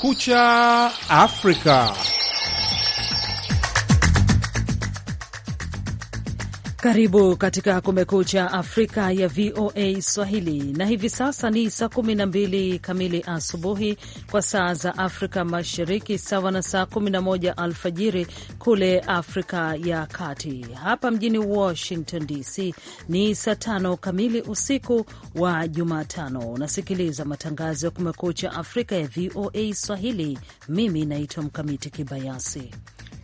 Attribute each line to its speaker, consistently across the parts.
Speaker 1: Kumekucha Afrika.
Speaker 2: Karibu katika Kumekucha Afrika ya VOA Swahili, na hivi sasa ni saa 12 kamili asubuhi kwa saa za Afrika Mashariki, sawa na saa 11 alfajiri kule Afrika ya Kati. Hapa mjini Washington DC ni saa tano kamili usiku wa Jumatano. Unasikiliza matangazo ya Kumekucha Afrika ya VOA Swahili. Mimi naitwa Mkamiti Kibayasi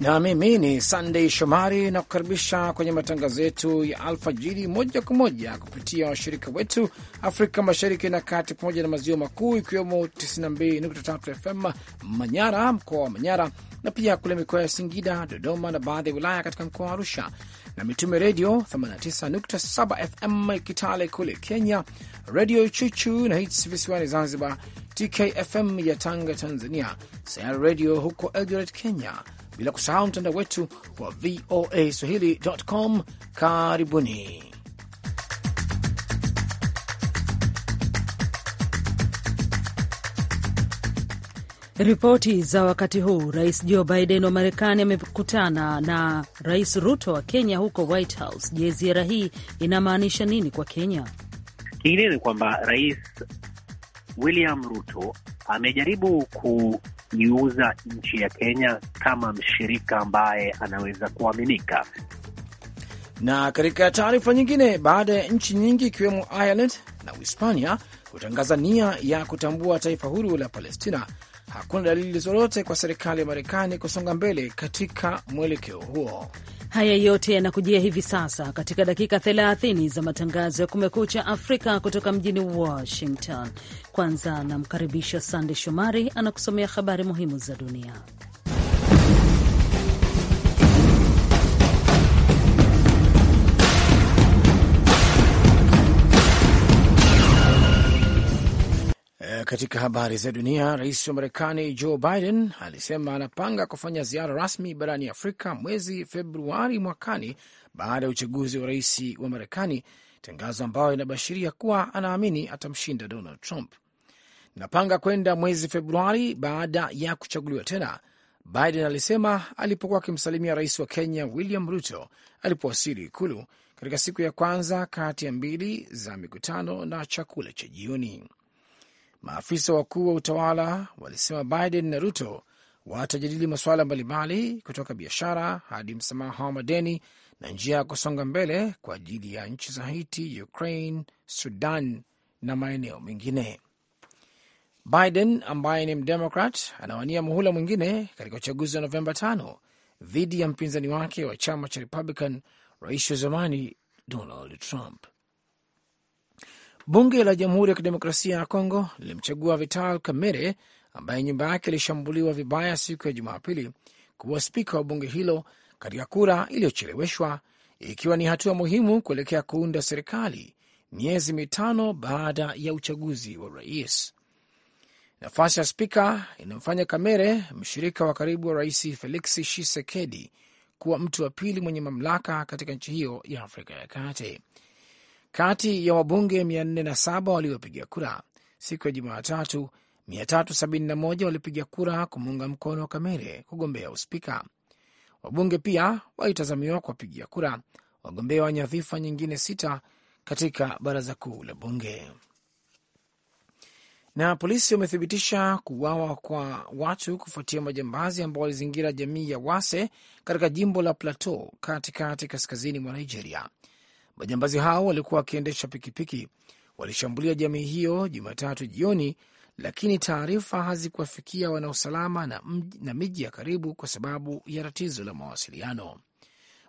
Speaker 3: na mimi ni sandey Shomari na kukaribisha kwenye matangazo yetu ya alfajiri moja kwa moja kupitia washirika wetu Afrika Mashariki na Kati pamoja na Maziwa Makuu, ikiwemo 92.3 FM Manyara, mkoa wa Manyara, na pia kule mikoa ya Singida, Dodoma na baadhi ya wilaya katika mkoa wa Arusha, na Mitume Redio 89.7 FM Kitale kule Kenya, Redio Chuchu na Hits visiwani Zanzibar, TKFM ya Tanga Tanzania, Sayari Redio huko Eldoret Kenya, bila kusahau mtandao wetu wa VOA swahili.com. Karibuni.
Speaker 2: Ripoti za wakati huu. Rais Joe Biden wa Marekani amekutana na Rais Ruto wa Kenya huko White House. Je, ziara hii inamaanisha nini kwa Kenya?
Speaker 4: Kingine ni kwamba rais William Ruto amejaribu kuiuza nchi ya Kenya kama mshirika ambaye anaweza kuaminika.
Speaker 3: Na katika taarifa nyingine, baada ya nchi nyingi ikiwemo Ireland na Uhispania kutangaza nia ya kutambua taifa huru la Palestina, hakuna dalili zozote kwa serikali ya Marekani kusonga mbele katika mwelekeo huo.
Speaker 2: Haya yote yanakujia hivi sasa katika dakika 30 za matangazo ya Kumekucha Afrika kutoka mjini Washington. Kwanza namkaribisha Sande Shomari anakusomea habari muhimu za dunia.
Speaker 3: Katika habari za dunia, rais wa Marekani Joe Biden alisema anapanga kufanya ziara rasmi barani Afrika mwezi Februari mwakani baada ya uchaguzi wa rais wa Marekani, tangazo ambayo inabashiria kuwa anaamini atamshinda Donald Trump. Napanga kwenda mwezi Februari baada ya kuchaguliwa tena, Biden alisema alipokuwa akimsalimia rais wa Kenya William Ruto alipowasili Ikulu katika siku ya kwanza kati ya mbili za mikutano na chakula cha jioni. Maafisa wakuu wa utawala walisema Biden na Ruto watajadili masuala mbalimbali kutoka biashara hadi msamaha wa madeni na njia ya kusonga mbele kwa ajili ya nchi za Haiti, Ukraine, Sudan na maeneo mengine. Biden ambaye ni Mdemokrat anawania muhula mwingine katika uchaguzi wa Novemba tano dhidi ya mpinzani wake wa chama cha Republican, rais wa zamani Donald Trump. Bunge la Jamhuri ya Kidemokrasia ya Kongo lilimchagua Vital Kamerhe ambaye nyumba yake ilishambuliwa vibaya siku ya Jumapili kuwa spika wa bunge hilo katika kura iliyocheleweshwa, ikiwa ni hatua muhimu kuelekea kuunda serikali miezi mitano baada ya uchaguzi wa rais. Nafasi ya spika inamfanya Kamere, mshirika wa karibu wa rais feliksi Shisekedi, kuwa mtu wa pili mwenye mamlaka katika nchi hiyo ya Afrika ya Kati. Kati ya wabunge 407 waliopiga kura siku ya Jumatatu, 371 walipiga kura kumuunga mkono wa Kamere kugombea uspika. Wabunge pia walitazamiwa kuwapigia kura wagombea wa nyadhifa nyingine sita katika baraza kuu la bunge. Na polisi wamethibitisha kuuawa kwa watu kufuatia majambazi ambao walizingira jamii ya Wase katika jimbo la Plateau katikati kaskazini mwa Nigeria. Majambazi hao walikuwa wakiendesha pikipiki, walishambulia jamii hiyo Jumatatu jioni, lakini taarifa hazikuwafikia wanausalama na, na miji ya karibu kwa sababu ya tatizo la mawasiliano.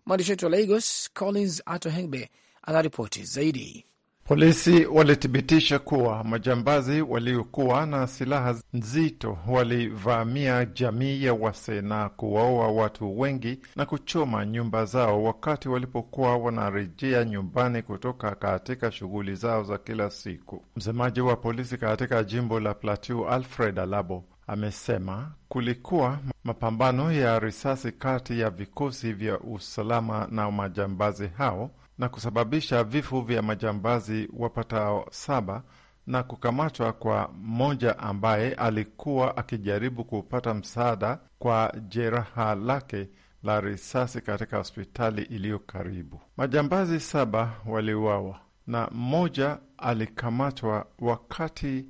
Speaker 3: Mwandishi wetu wa Lagos Collins Ato Hengbe anaripoti zaidi.
Speaker 5: Polisi walithibitisha kuwa majambazi waliokuwa na silaha nzito walivamia jamii ya Wase na kuwaua watu wengi na kuchoma nyumba zao wakati walipokuwa wanarejea nyumbani kutoka katika shughuli zao za kila siku. Msemaji wa polisi katika jimbo la Plateau, Alfred Alabo, amesema kulikuwa mapambano ya risasi kati ya vikosi vya usalama na majambazi hao na kusababisha vifo vya majambazi wapatao saba na kukamatwa kwa mmoja ambaye alikuwa akijaribu kupata msaada kwa jeraha lake la risasi katika hospitali iliyo karibu. Majambazi saba waliuawa na mmoja alikamatwa wakati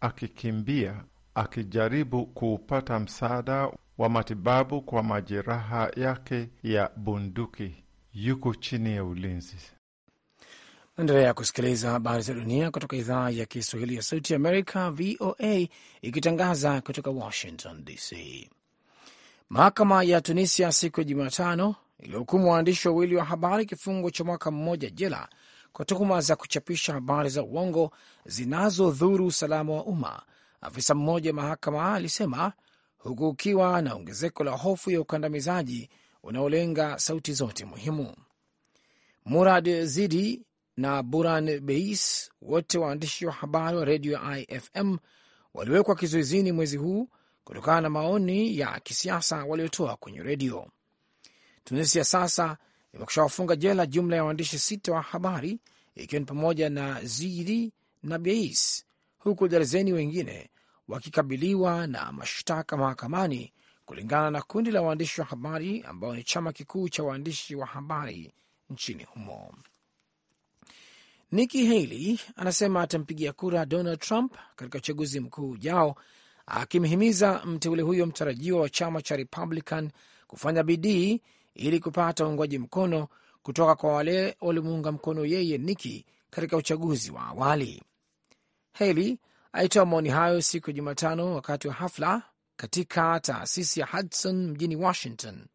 Speaker 5: akikimbia akijaribu kuupata msaada wa matibabu kwa majeraha yake ya bunduki yuko chini ya ulinzi.
Speaker 3: Naendelea kusikiliza habari za dunia kutoka idhaa ya Kiswahili ya Sauti Amerika, VOA, ikitangaza kutoka Washington DC. Mahakama ya Tunisia siku ya Jumatano ilihukumu waandishi wawili wa habari kifungo cha mwaka mmoja jela kwa tuhuma za kuchapisha habari za uongo zinazodhuru usalama wa umma, afisa mmoja wa mahakama alisema, huku ukiwa na ongezeko la hofu ya ukandamizaji unaolenga sauti zote muhimu. Murad Zidi na Buran Beis, wote waandishi wa habari wa redio ya IFM, waliwekwa kizuizini mwezi huu kutokana na maoni ya kisiasa waliotoa kwenye redio. Tunisia sasa imekusha wafunga jela jumla ya waandishi sita wa habari ikiwa ni pamoja na Zidi na Beis, huku darzeni wengine wakikabiliwa na mashtaka mahakamani kulingana na kundi la waandishi wa habari ambao ni chama kikuu cha waandishi wa habari nchini humo. Nikki Haley anasema atampigia kura Donald Trump katika uchaguzi mkuu ujao, akimhimiza mteule huyo mtarajiwa wa chama cha Republican kufanya bidii ili kupata uungwaji mkono kutoka kwa wale walimuunga mkono yeye Nikki katika uchaguzi wa awali. Haley alitoa maoni hayo siku ya Jumatano wakati wa hafla katika taasisi ya Hudson mjini Washington.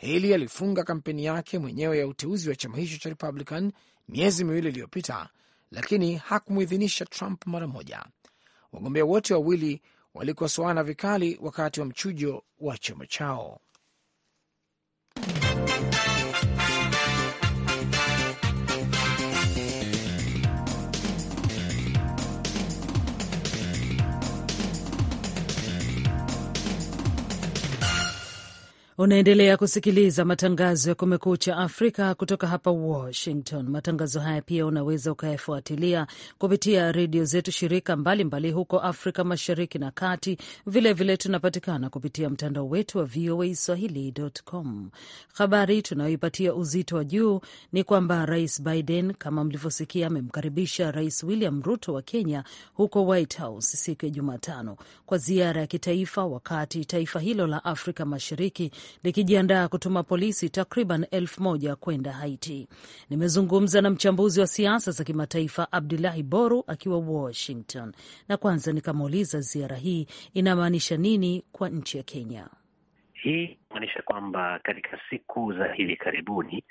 Speaker 3: Haley alifunga kampeni yake mwenyewe ya uteuzi wa chama hicho cha Republican miezi miwili iliyopita, lakini hakumwidhinisha Trump mara moja. Wagombea wote wawili walikosoana vikali wakati wa mchujo wa chama chao.
Speaker 2: Unaendelea kusikiliza matangazo ya Kumekucha Afrika kutoka hapa Washington. Matangazo haya pia unaweza ukayafuatilia kupitia redio zetu shirika mbalimbali mbali huko Afrika Mashariki na Kati. Vilevile vile tunapatikana kupitia mtandao wetu wa VOA Swahili.com. Habari tunayoipatia uzito wa juu ni kwamba Rais Biden, kama mlivyosikia, amemkaribisha Rais William Ruto wa Kenya huko White House siku ya Jumatano kwa ziara ya kitaifa, wakati taifa hilo la Afrika Mashariki likijiandaa kutuma polisi takriban elfu moja kwenda Haiti. Nimezungumza na mchambuzi wa siasa za kimataifa Abdulahi Boru akiwa Washington, na kwanza nikamuuliza ziara hii inamaanisha nini kwa nchi ya Kenya.
Speaker 4: Hii inamaanisha kwamba katika siku za hivi karibuni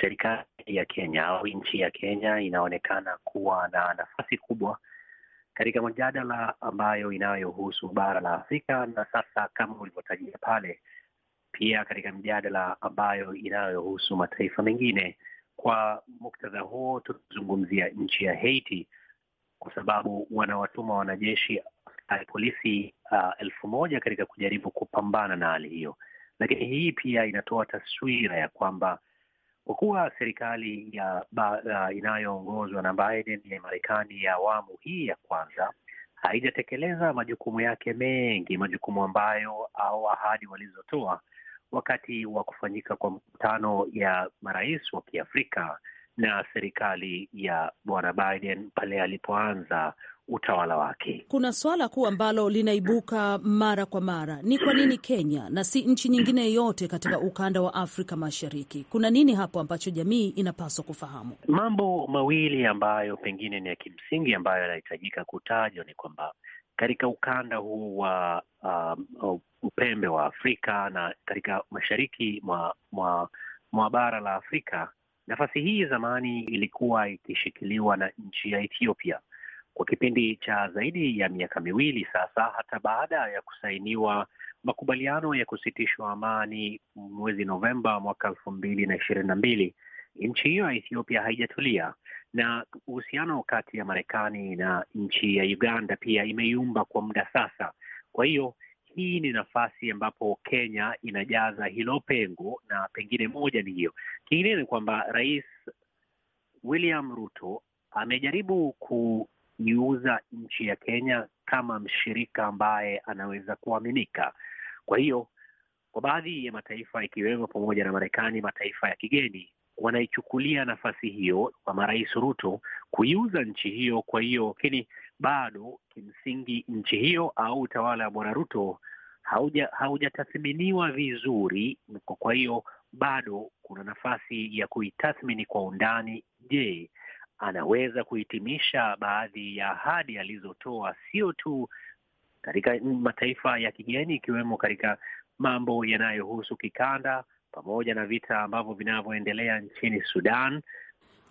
Speaker 4: serikali ya Kenya au nchi ya Kenya inaonekana kuwa na nafasi kubwa katika mjadala ambayo inayohusu bara la Afrika, na sasa kama ulivyotajia pale, pia katika mjadala ambayo inayohusu mataifa mengine. Kwa muktadha huo, tunazungumzia nchi ya Haiti kwa sababu wanawatuma wanajeshi eh, polisi uh, elfu moja katika kujaribu kupambana na hali hiyo, lakini hii pia inatoa taswira ya kwamba kwa kuwa serikali ya uh, inayoongozwa na Biden ya Marekani ya awamu hii ya kwanza haijatekeleza majukumu yake mengi, majukumu ambayo au ahadi walizotoa wakati wa kufanyika kwa mkutano ya marais wa Kiafrika na serikali ya Bwana Biden pale alipoanza utawala wake. Kuna swala kuu
Speaker 2: ambalo linaibuka mara kwa mara, ni kwa nini Kenya na si nchi nyingine yoyote katika ukanda wa Afrika Mashariki? Kuna nini hapo ambacho jamii inapaswa kufahamu?
Speaker 4: Mambo mawili ambayo pengine ni ya kimsingi ambayo yanahitajika kutajwa ni kwamba katika ukanda huu wa um, upembe wa Afrika na katika mashariki mwa, mwa, mwa bara la Afrika. Nafasi hii zamani ilikuwa ikishikiliwa na nchi ya Ethiopia kwa kipindi cha zaidi ya miaka miwili sasa, hata baada ya kusainiwa makubaliano ya kusitishwa amani mwezi Novemba mwaka elfu mbili na ishirini na mbili, nchi hiyo ya Ethiopia haijatulia, na uhusiano kati ya Marekani na nchi ya Uganda pia imeyumba kwa muda sasa. Kwa hiyo hii ni nafasi ambapo Kenya inajaza hilo pengo, na pengine moja ni hiyo. Kingine ni kwamba Rais William Ruto amejaribu kuiuza nchi ya Kenya kama mshirika ambaye anaweza kuaminika. Kwa hiyo kwa baadhi ya mataifa ikiwemo pamoja na Marekani, mataifa ya kigeni wanaichukulia nafasi hiyo kwa marais Ruto kuiuza nchi hiyo. Kwa hiyo lakini bado kimsingi nchi hiyo au utawala wa Bwana Ruto haujatathminiwa hauja vizuri. Kwa hiyo bado kuna nafasi ya kuitathmini kwa undani. Je, anaweza kuhitimisha baadhi ya ahadi alizotoa, sio tu katika mataifa ya kigeni, ikiwemo katika mambo yanayohusu kikanda pamoja na vita ambavyo vinavyoendelea nchini Sudan,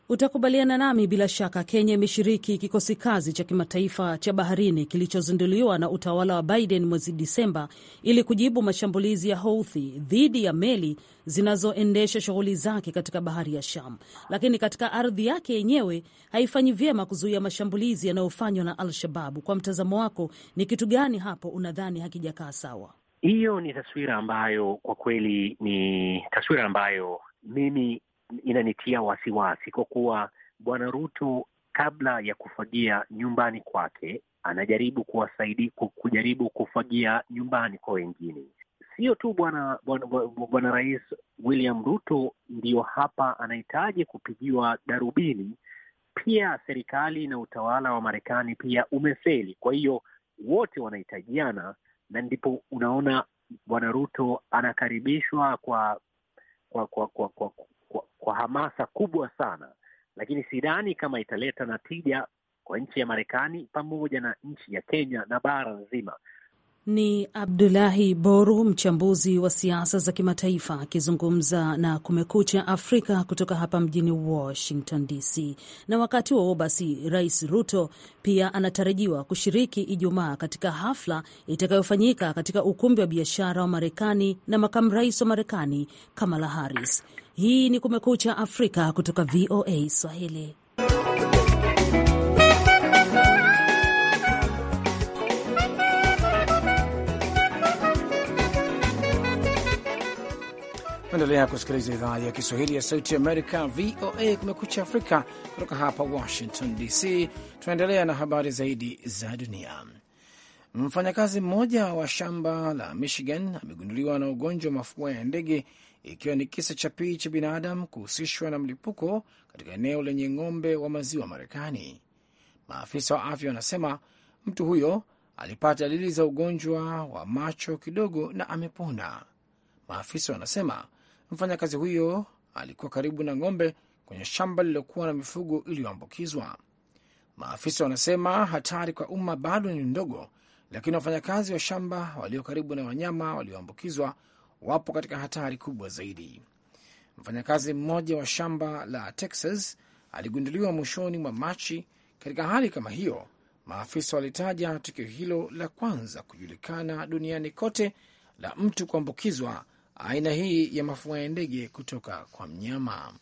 Speaker 2: Utakubaliana nami bila shaka, Kenya imeshiriki kikosi kazi cha kimataifa cha baharini kilichozinduliwa na utawala wa Biden mwezi Disemba ili kujibu mashambulizi ya Houthi dhidi ya meli zinazoendesha shughuli zake katika bahari ya Sham, lakini katika ardhi yake yenyewe haifanyi vyema kuzuia mashambulizi yanayofanywa na Al-Shababu. Kwa mtazamo wako, ni kitu gani hapo unadhani hakijakaa sawa?
Speaker 4: Hiyo ni taswira ambayo kwa kweli ni taswira ambayo mimi inanitia wasiwasi kwa kuwa Bwana Ruto kabla ya kufagia nyumbani kwake anajaribu kuwasaidia kujaribu kufagia nyumbani kwa wengine. Sio tu bwana bwana Rais William Ruto ndiyo hapa anahitaji kupigiwa darubini, pia serikali na utawala wa Marekani pia umefeli. Kwa hiyo wote wanahitajiana, na ndipo unaona bwana Ruto anakaribishwa kwa kwa kwa kwa, kwa, kwa, kwa hamasa kubwa sana, lakini sidhani kama italeta na tija kwa nchi ya Marekani pamoja na nchi ya Kenya na bara nzima.
Speaker 2: Ni Abdulahi Boru, mchambuzi wa siasa za kimataifa akizungumza na Kumekucha Afrika kutoka hapa mjini Washington DC. Na wakati huo basi, Rais Ruto pia anatarajiwa kushiriki Ijumaa katika hafla itakayofanyika katika ukumbi wa biashara wa Marekani na makamu rais wa Marekani Kamala Harris. Hii ni Kumekucha Afrika kutoka VOA Swahili.
Speaker 3: Endelea kusikiliza idhaa ya Kiswahili ya Sauti Amerika, VOA Kumekucha Afrika kutoka hapa Washington DC. Tunaendelea na habari zaidi za dunia. Mfanyakazi mmoja wa shamba la Michigan amegunduliwa na ugonjwa wa mafua ya ndege ikiwa ni kisa cha pili cha binadamu kuhusishwa na mlipuko katika eneo lenye ng'ombe wa maziwa Marekani. Maafisa wa afya wanasema mtu huyo alipata dalili za ugonjwa wa macho kidogo na amepona. Maafisa wanasema mfanyakazi huyo alikuwa karibu na ng'ombe kwenye shamba lililokuwa na mifugo iliyoambukizwa. Maafisa wanasema hatari kwa umma bado ni ndogo, lakini wafanyakazi wa shamba walio karibu na wanyama walioambukizwa wapo katika hatari kubwa zaidi. Mfanyakazi mmoja wa shamba la Texas aligunduliwa mwishoni mwa Machi. Katika hali kama hiyo, maafisa walitaja tukio hilo la kwanza kujulikana duniani kote la mtu kuambukizwa aina hii ya mafua ya ndege kutoka kwa mnyama.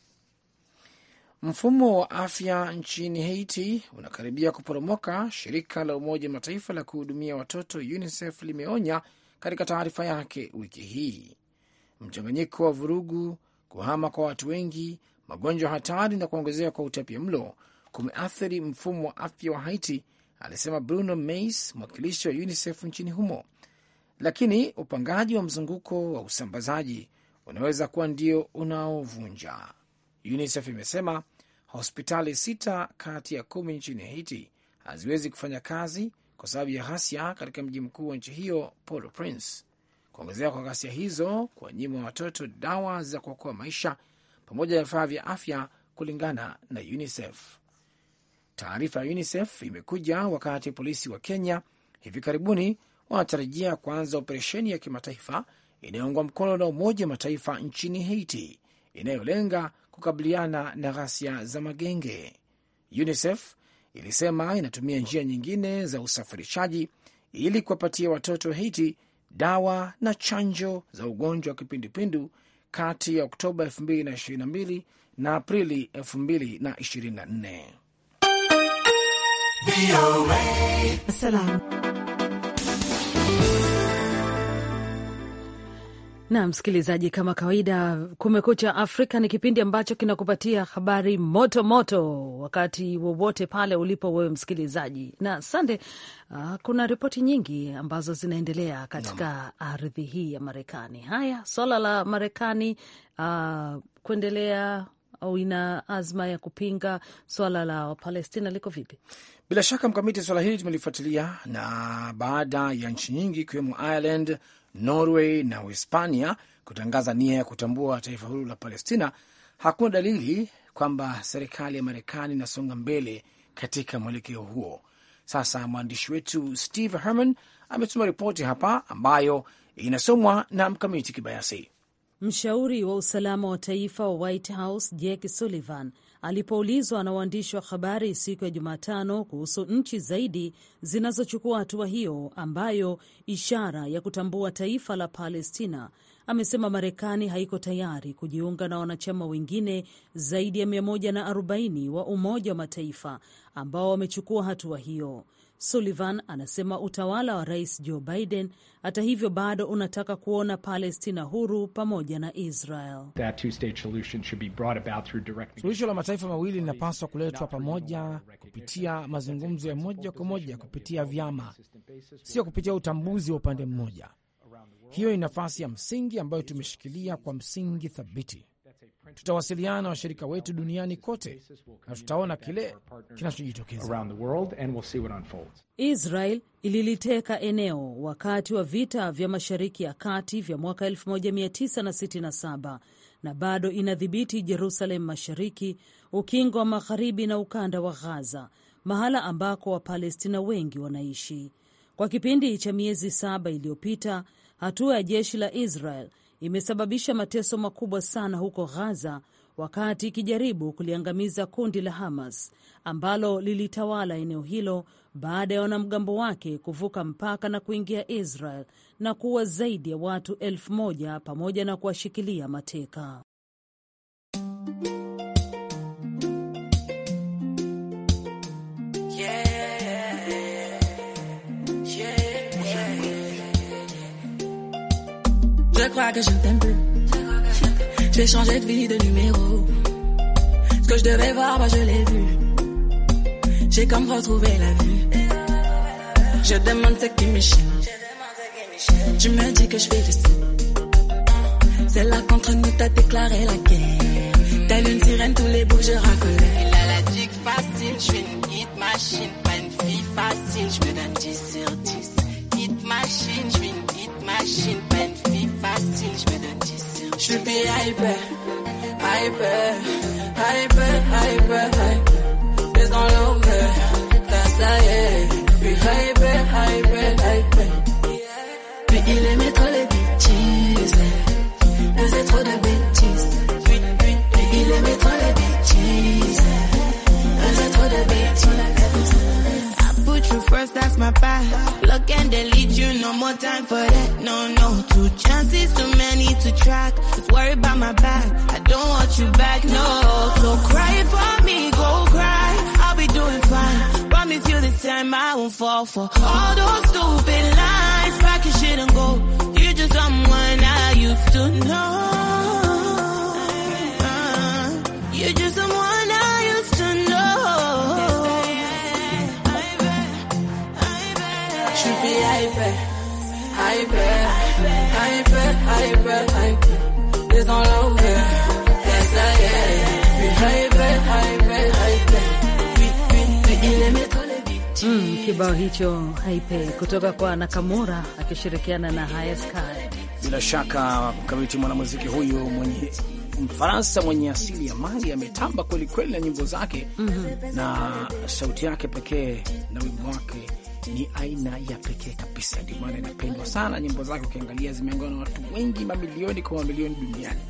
Speaker 3: Mfumo wa afya nchini Haiti unakaribia kuporomoka, shirika la Umoja Mataifa la kuhudumia watoto UNICEF limeonya katika taarifa yake wiki hii. Mchanganyiko wa vurugu, kuhama kwa watu wengi, magonjwa hatari na kuongezeka kwa utapia mlo kumeathiri mfumo wa afya wa Haiti, alisema Bruno Mais, mwakilishi wa UNICEF nchini humo. Lakini upangaji wa mzunguko wa usambazaji unaweza kuwa ndio unaovunja. UNICEF imesema hospitali sita kati ya kumi nchini Haiti haziwezi kufanya kazi kwa sababu ya ghasia katika mji mkuu wa nchi hiyo Port-au-Prince. Kuongezeka kwa ghasia hizo kwa nyima watoto dawa za kuokoa maisha pamoja na vifaa vya afya, kulingana na UNICEF. Taarifa ya UNICEF imekuja wakati polisi wa Kenya hivi karibuni wanatarajia kuanza operesheni ya kimataifa inayoungwa mkono na Umoja wa Mataifa nchini Haiti inayolenga kukabiliana na ghasia za magenge. UNICEF ilisema inatumia njia nyingine za usafirishaji ili kuwapatia watoto Haiti dawa na chanjo za ugonjwa wa kipindupindu kati ya Oktoba 2022 na Aprili 2024. Salam
Speaker 2: na msikilizaji, kama kawaida, Kumekucha Afrika ni kipindi ambacho kinakupatia habari moto moto wakati wowote pale ulipo wewe msikilizaji. Na sande, uh, kuna ripoti nyingi ambazo zinaendelea katika ardhi hii ya Marekani. Haya, swala la Marekani uh, kuendelea au ina azma ya kupinga swala la Wapalestina liko vipi?
Speaker 3: Bila shaka mkamiti, swala hili tumelifuatilia na baada ya nchi nyingi ikiwemo Ireland Norway na Uhispania kutangaza nia ya kutambua taifa huru la Palestina, hakuna dalili kwamba serikali ya Marekani inasonga mbele katika mwelekeo huo. Sasa mwandishi wetu Steve Herman ametuma ripoti hapa ambayo inasomwa na Mkamiti Kibayasi. Mshauri
Speaker 2: wa usalama wa taifa wa White House Jake Sullivan alipoulizwa na waandishi wa habari siku ya Jumatano kuhusu nchi zaidi zinazochukua hatua hiyo ambayo ishara ya kutambua taifa la Palestina, amesema Marekani haiko tayari kujiunga na wanachama wengine zaidi ya 140 wa Umoja wa Mataifa ambao wamechukua hatua hiyo. Sullivan anasema utawala wa Rais Joe Biden hata hivyo bado unataka kuona Palestina huru pamoja na
Speaker 3: Israel. Suluhisho la mataifa mawili linapaswa kuletwa pamoja kupitia mazungumzo ya moja kwa moja kupitia vyama, sio kupitia utambuzi wa upande mmoja. Hiyo ni nafasi ya msingi ambayo tumeshikilia kwa msingi thabiti tutawasiliana na washirika wetu duniani kote na tutaona kile kinachojitokeza. Israel ililiteka
Speaker 2: eneo wakati wa vita vya Mashariki ya Kati vya mwaka 1967 na bado inadhibiti Jerusalem Mashariki, ukingo wa Magharibi na ukanda wa Ghaza, mahala ambako Wapalestina wengi wanaishi. Kwa kipindi cha miezi saba iliyopita, hatua ya jeshi la Israel imesababisha mateso makubwa sana huko Gaza wakati ikijaribu kuliangamiza kundi la Hamas ambalo lilitawala eneo hilo baada ya wanamgambo wake kuvuka mpaka na kuingia Israel na kuua zaidi ya watu elfu moja pamoja na kuwashikilia mateka.
Speaker 4: Je crois que je t'aime plus. Je vais changer de vie, de numéro. Ce que je devais voir, bah, je l'ai vu.
Speaker 2: J'ai comme retrouvé la vue. Je demande ce qui me chante. Tu me dis que je fais du celle C'est là contre nous, t'a déclaré la guerre. Telle une sirène, tous les bouts, je racolais. Il a la digue facile, je suis une hit machine. Pas une fille facile, je me donne 10 should be hyper, hyper, hyper, hyper, hyper. There's all over, that's I We hyper, hyper, hyper. Puis il aimait trop les bitches, faisait trop de
Speaker 3: first, that's my path. Look and delete you, no more time for that. No, no, two chances, too many to track. Just worry
Speaker 2: about my back, I don't want you back, no. So cry for me, go cry. I'll be doing fine. Promise you this time I won't fall for all those stupid lies. your shit and go. You just someone I used to know.
Speaker 4: Uh, you just someone I
Speaker 2: kibao hicho haipe kutoka kwa Nakamura akishirikiana na hayaska
Speaker 3: Bila shaka mkamiti mwanamuziki huyu mwenye Mfaransa mwenye asili ya Mali ametamba kwelikweli na nyimbo zake mm -hmm. na sauti yake pekee na wimbo wake ni aina ya pekee kabisa, ndio maana inapendwa sana. Nyimbo zake ukiangalia zimeongana na watu wengi, mamilioni kwa mamilioni duniani.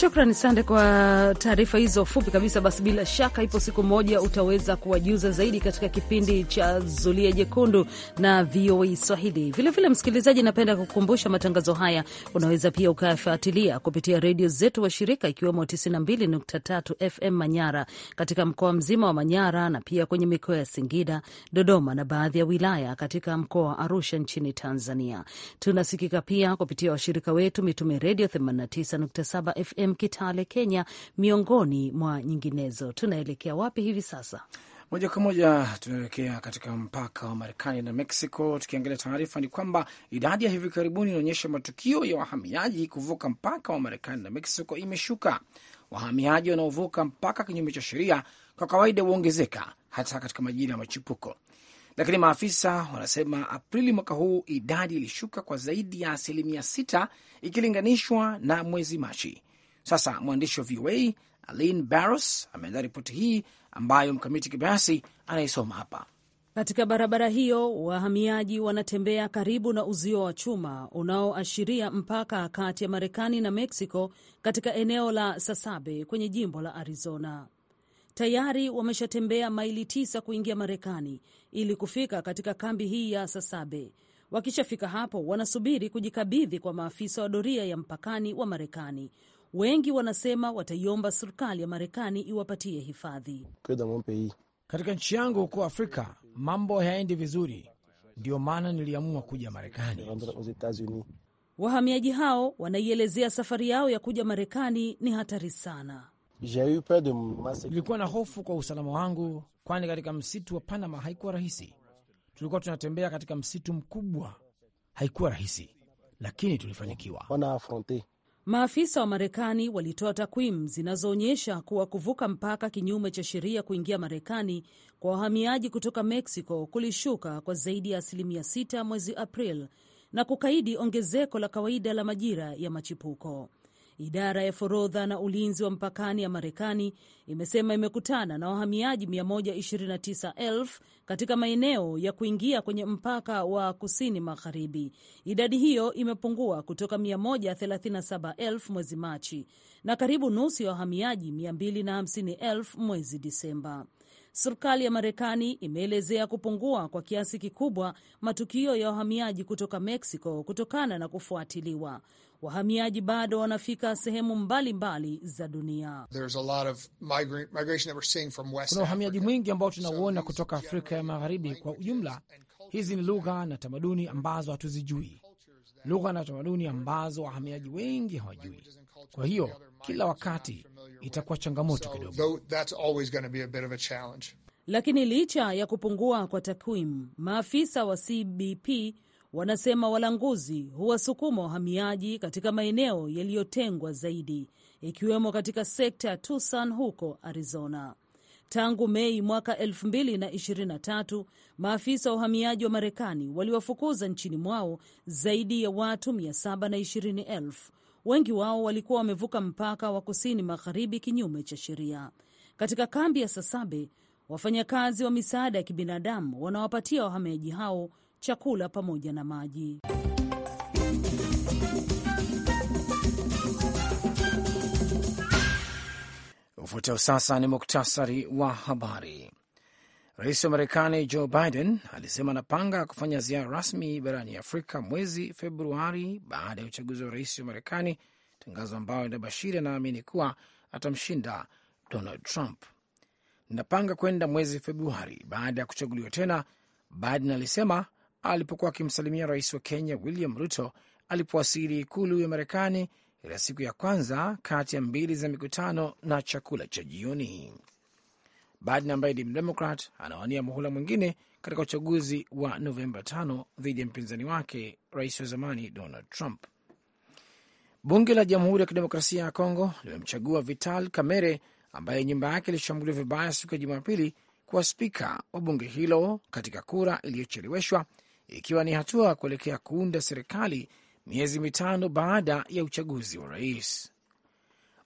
Speaker 2: Shukrani sande kwa taarifa hizo fupi kabisa. Basi bila shaka, ipo siku moja utaweza kuwajuza zaidi katika kipindi cha Zulia Jekundu na VOA Swahili. Vilevile msikilizaji, napenda kukumbusha matangazo haya unaweza pia ukayafuatilia kupitia redio zetu wa shirika ikiwemo 92.3 FM Manyara katika mkoa mzima wa Manyara na pia kwenye mikoa ya Singida, Dodoma na baadhi ya wilaya katika mkoa wa Arusha nchini Tanzania. Tunasikika pia kupitia washirika wetu Mitume Redio 89.7
Speaker 3: FM FM Kitale, Kenya, miongoni
Speaker 2: mwa nyinginezo. Tunaelekea wapi hivi
Speaker 3: sasa? Moja kwa moja tunaelekea katika mpaka wa Marekani na Mexico. Tukiangalia taarifa ni kwamba idadi ya hivi karibuni inaonyesha matukio ya wahamiaji kuvuka mpaka wa Marekani na Mexico imeshuka. Wahamiaji wanaovuka mpaka kinyume cha sheria kwa kawaida huongezeka hata katika majira ya machipuko, lakini maafisa wanasema Aprili mwaka huu idadi ilishuka kwa zaidi ya asilimia sita ikilinganishwa na mwezi Machi. Sasa mwandishi wa VOA Aline Barros ameandaa ripoti hii ambayo Mkamiti Kibayasi anaisoma hapa.
Speaker 2: Katika barabara hiyo wahamiaji wanatembea karibu na uzio wa chuma unaoashiria mpaka kati ya Marekani na Meksiko katika eneo la Sasabe kwenye jimbo la Arizona. Tayari wameshatembea maili tisa kuingia Marekani ili kufika katika kambi hii ya Sasabe. Wakishafika hapo, wanasubiri kujikabidhi kwa maafisa wa doria ya mpakani wa Marekani Wengi wanasema wataiomba serikali ya Marekani iwapatie hifadhi.
Speaker 3: Katika nchi yangu huko Afrika mambo hayaendi vizuri, ndiyo maana niliamua kuja Marekani.
Speaker 2: Wahamiaji hao wanaielezea safari yao ya kuja
Speaker 3: Marekani ni hatari sana. Nilikuwa na hofu kwa usalama wangu, kwani katika msitu wa Panama haikuwa rahisi. Tulikuwa tunatembea katika msitu mkubwa, haikuwa rahisi, lakini tulifanikiwa. Maafisa wa
Speaker 2: Marekani walitoa takwimu zinazoonyesha kuwa kuvuka mpaka kinyume cha sheria kuingia Marekani kwa wahamiaji kutoka Mexico kulishuka kwa zaidi ya asilimia 6 mwezi april na kukaidi ongezeko la kawaida la majira ya machipuko. Idara ya forodha na ulinzi wa mpakani ya Marekani imesema imekutana na wahamiaji 129,000 katika maeneo ya kuingia kwenye mpaka wa kusini magharibi. Idadi hiyo imepungua kutoka 137,000 mwezi Machi na karibu nusu ya wahamiaji 250,000 mwezi Disemba. Serikali ya Marekani imeelezea kupungua kwa kiasi kikubwa matukio ya wahamiaji kutoka Meksiko kutokana na kufuatiliwa wahamiaji bado wanafika sehemu
Speaker 3: mbalimbali mbali za dunia. Kuna uhamiaji mwingi ambao tunauona so kutoka Afrika ya Magharibi kwa ujumla. Hizi ni lugha na tamaduni ambazo hatuzijui, lugha na tamaduni ambazo wahamiaji wengi hawajui. Kwa hiyo kila wakati itakuwa changamoto kidogo,
Speaker 2: lakini licha ya kupungua kwa takwimu, maafisa wa CBP Wanasema walanguzi huwasukuma wahamiaji katika maeneo yaliyotengwa zaidi, ikiwemo katika sekta ya Tucson huko Arizona. Tangu Mei mwaka 2023 maafisa wa uhamiaji wa Marekani waliwafukuza nchini mwao zaidi ya watu 720,000. Wengi wao walikuwa wamevuka mpaka wa kusini magharibi kinyume cha sheria. Katika kambi ya Sasabe, wafanyakazi wa misaada ya kibinadamu wanawapatia wahamiaji hao chakula pamoja na maji.
Speaker 3: Ufuatao sasa ni muktasari wa habari. Rais wa Marekani Joe Biden alisema anapanga kufanya ziara rasmi barani Afrika mwezi Februari baada ya uchaguzi wa rais wa Marekani, tangazo ambayo inabashiri anaamini kuwa atamshinda Donald Trump. Ninapanga kwenda mwezi Februari baada ya kuchaguliwa tena, Biden alisema alipokuwa akimsalimia rais wa Kenya William Ruto alipowasili ikulu ya Marekani katika siku ya kwanza kati ya mbili za mikutano na chakula cha jioni. Biden ambaye ni Mdemokrat anawania muhula mwingine katika uchaguzi wa Novemba tano dhidi ya mpinzani wake rais wa zamani Donald Trump. Bunge la Jamhuri ya Kidemokrasia ya Kongo limemchagua Vital Kamerhe ambaye nyumba yake ilishambuliwa vibaya siku ya Jumapili kuwa spika wa bunge hilo katika kura iliyocheleweshwa ikiwa ni hatua kuelekea kuunda serikali miezi mitano baada ya uchaguzi wa rais.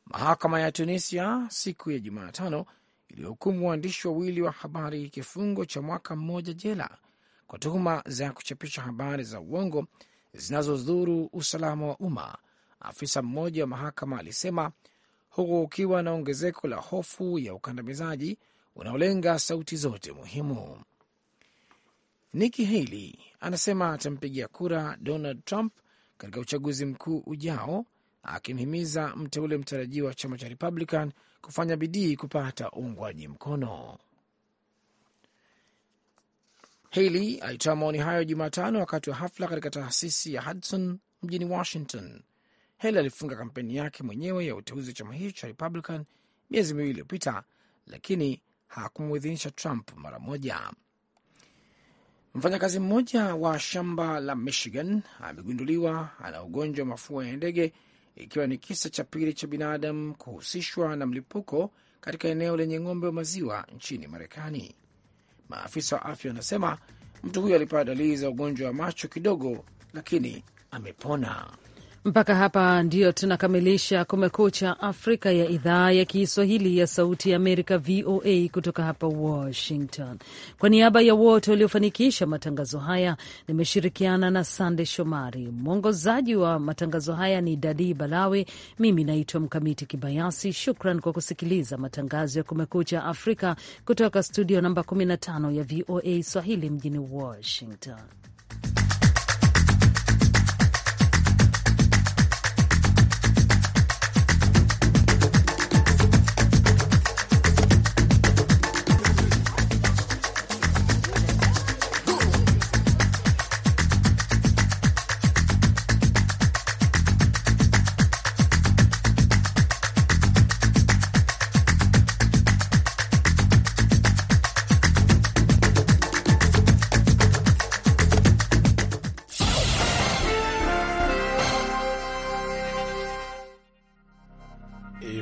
Speaker 3: Mahakama ya Tunisia siku ya Jumatano iliyohukumu waandishi wawili wa habari kifungo cha mwaka mmoja jela kwa tuhuma za kuchapisha habari za uongo zinazodhuru usalama wa umma, afisa mmoja wa mahakama alisema, huku ukiwa na ongezeko la hofu ya ukandamizaji unaolenga sauti zote muhimu. Nikki Haley anasema atampigia kura Donald Trump katika uchaguzi mkuu ujao, akimhimiza mteule mtarajiwa wa chama cha Republican kufanya bidii kupata uungwaji mkono. Haley alitoa maoni hayo Jumatano wakati wa hafla katika taasisi ya Hudson mjini Washington. Haley alifunga kampeni yake mwenyewe ya uteuzi wa chama hicho cha Republican miezi miwili iliyopita, lakini hakumwidhinisha Trump mara moja. Mfanyakazi mmoja wa shamba la Michigan amegunduliwa ana ugonjwa wa mafua ya ndege, ikiwa ni kisa cha pili cha binadamu kuhusishwa na mlipuko katika eneo lenye ng'ombe wa maziwa nchini Marekani. Maafisa wa afya wanasema mtu huyo alipata dalili za ugonjwa wa macho kidogo, lakini amepona.
Speaker 2: Mpaka hapa ndio tunakamilisha Kumekucha Afrika ya idhaa ya Kiswahili ya Sauti ya Amerika, VOA, kutoka hapa Washington. Kwa niaba ya wote waliofanikisha matangazo haya, nimeshirikiana na Sande Shomari. Mwongozaji wa matangazo haya ni Dadi Balawe. Mimi naitwa Mkamiti Kibayasi. Shukran kwa kusikiliza matangazo ya Kumekucha Afrika kutoka studio namba 15 ya VOA Swahili mjini Washington.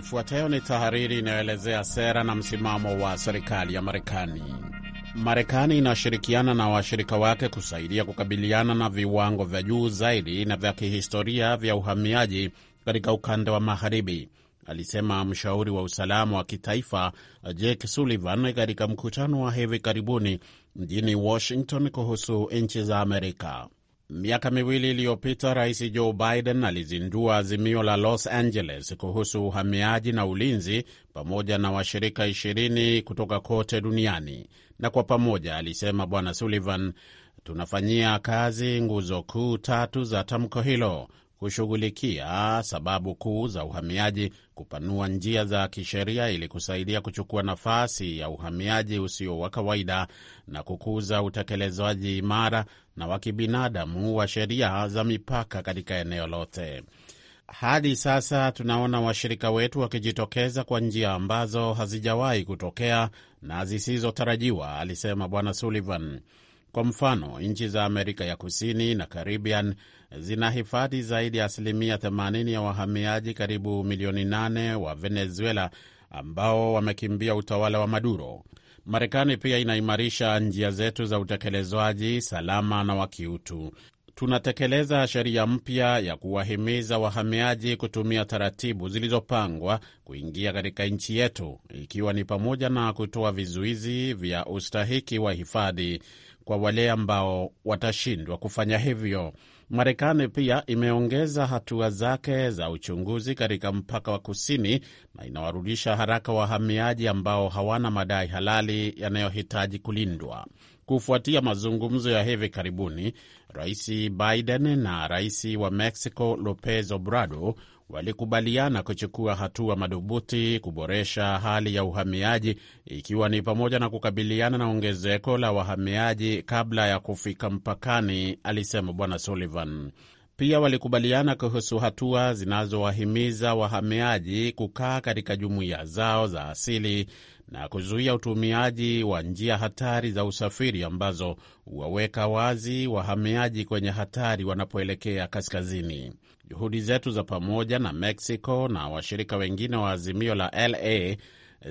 Speaker 1: Ifuatayo ni tahariri inayoelezea sera na msimamo wa serikali ya Marekani. Marekani inashirikiana na washirika wake kusaidia kukabiliana na viwango vya juu zaidi na vya kihistoria vya uhamiaji katika ukanda wa Magharibi, alisema mshauri wa usalama wa kitaifa Jake Sullivan katika mkutano wa hivi karibuni mjini Washington kuhusu nchi za Amerika. Miaka miwili iliyopita Rais Joe Biden alizindua azimio la Los Angeles kuhusu uhamiaji na ulinzi pamoja na washirika ishirini kutoka kote duniani, na kwa pamoja, alisema Bwana Sullivan, tunafanyia kazi nguzo kuu tatu za tamko hilo: kushughulikia sababu kuu za uhamiaji, kupanua njia za kisheria ili kusaidia kuchukua nafasi ya uhamiaji usio wa kawaida na kukuza utekelezaji imara na wa kibinadamu wa sheria za mipaka katika eneo lote. Hadi sasa tunaona washirika wetu wakijitokeza kwa njia ambazo hazijawahi kutokea na zisizotarajiwa, alisema Bwana Sullivan. Kwa mfano, nchi za Amerika ya Kusini na Caribbean zina hifadhi zaidi ya asilimia 80 ya wahamiaji karibu milioni 8 wa Venezuela ambao wamekimbia utawala wa Maduro. Marekani pia inaimarisha njia zetu za utekelezwaji salama na wa kiutu. Tunatekeleza sheria mpya ya kuwahimiza wahamiaji kutumia taratibu zilizopangwa kuingia katika nchi yetu, ikiwa ni pamoja na kutoa vizuizi vya ustahiki wa hifadhi kwa wale ambao watashindwa kufanya hivyo. Marekani pia imeongeza hatua zake za uchunguzi katika mpaka wa kusini na inawarudisha haraka wahamiaji ambao hawana madai halali yanayohitaji kulindwa. Kufuatia mazungumzo ya hivi karibuni, Rais Biden na rais wa Mexico Lopez Obrador walikubaliana kuchukua hatua madhubuti kuboresha hali ya uhamiaji, ikiwa ni pamoja na kukabiliana na ongezeko la wahamiaji kabla ya kufika mpakani, alisema Bwana Sullivan. Pia walikubaliana kuhusu hatua zinazowahimiza wahamiaji kukaa katika jumuiya zao za asili na kuzuia utumiaji wa njia hatari za usafiri ambazo huwaweka wazi wahamiaji kwenye hatari wanapoelekea kaskazini. Juhudi zetu za pamoja na Mexico na washirika wengine wa azimio la LA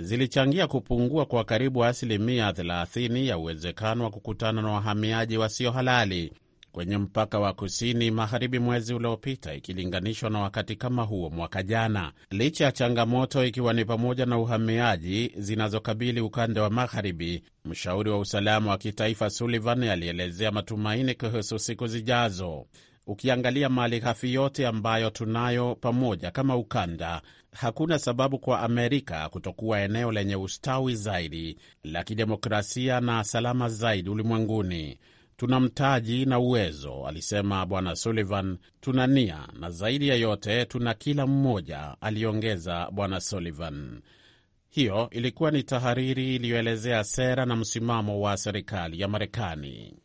Speaker 1: zilichangia kupungua kwa karibu asilimia 30 ya uwezekano wa kukutana na wahamiaji wasio halali kwenye mpaka wa kusini magharibi mwezi uliopita ikilinganishwa na wakati kama huo mwaka jana, licha ya changamoto ikiwa ni pamoja na uhamiaji zinazokabili ukanda wa magharibi. Mshauri wa usalama wa kitaifa Sullivan alielezea matumaini kuhusu siku zijazo. Ukiangalia mali ghafi yote ambayo tunayo pamoja kama ukanda, hakuna sababu kwa Amerika kutokuwa eneo lenye ustawi zaidi la kidemokrasia na salama zaidi ulimwenguni. Tuna mtaji na uwezo, alisema Bwana Sullivan. Tuna nia na zaidi ya yote tuna kila mmoja, aliongeza Bwana Sullivan. Hiyo ilikuwa ni tahariri iliyoelezea sera na msimamo wa serikali ya Marekani.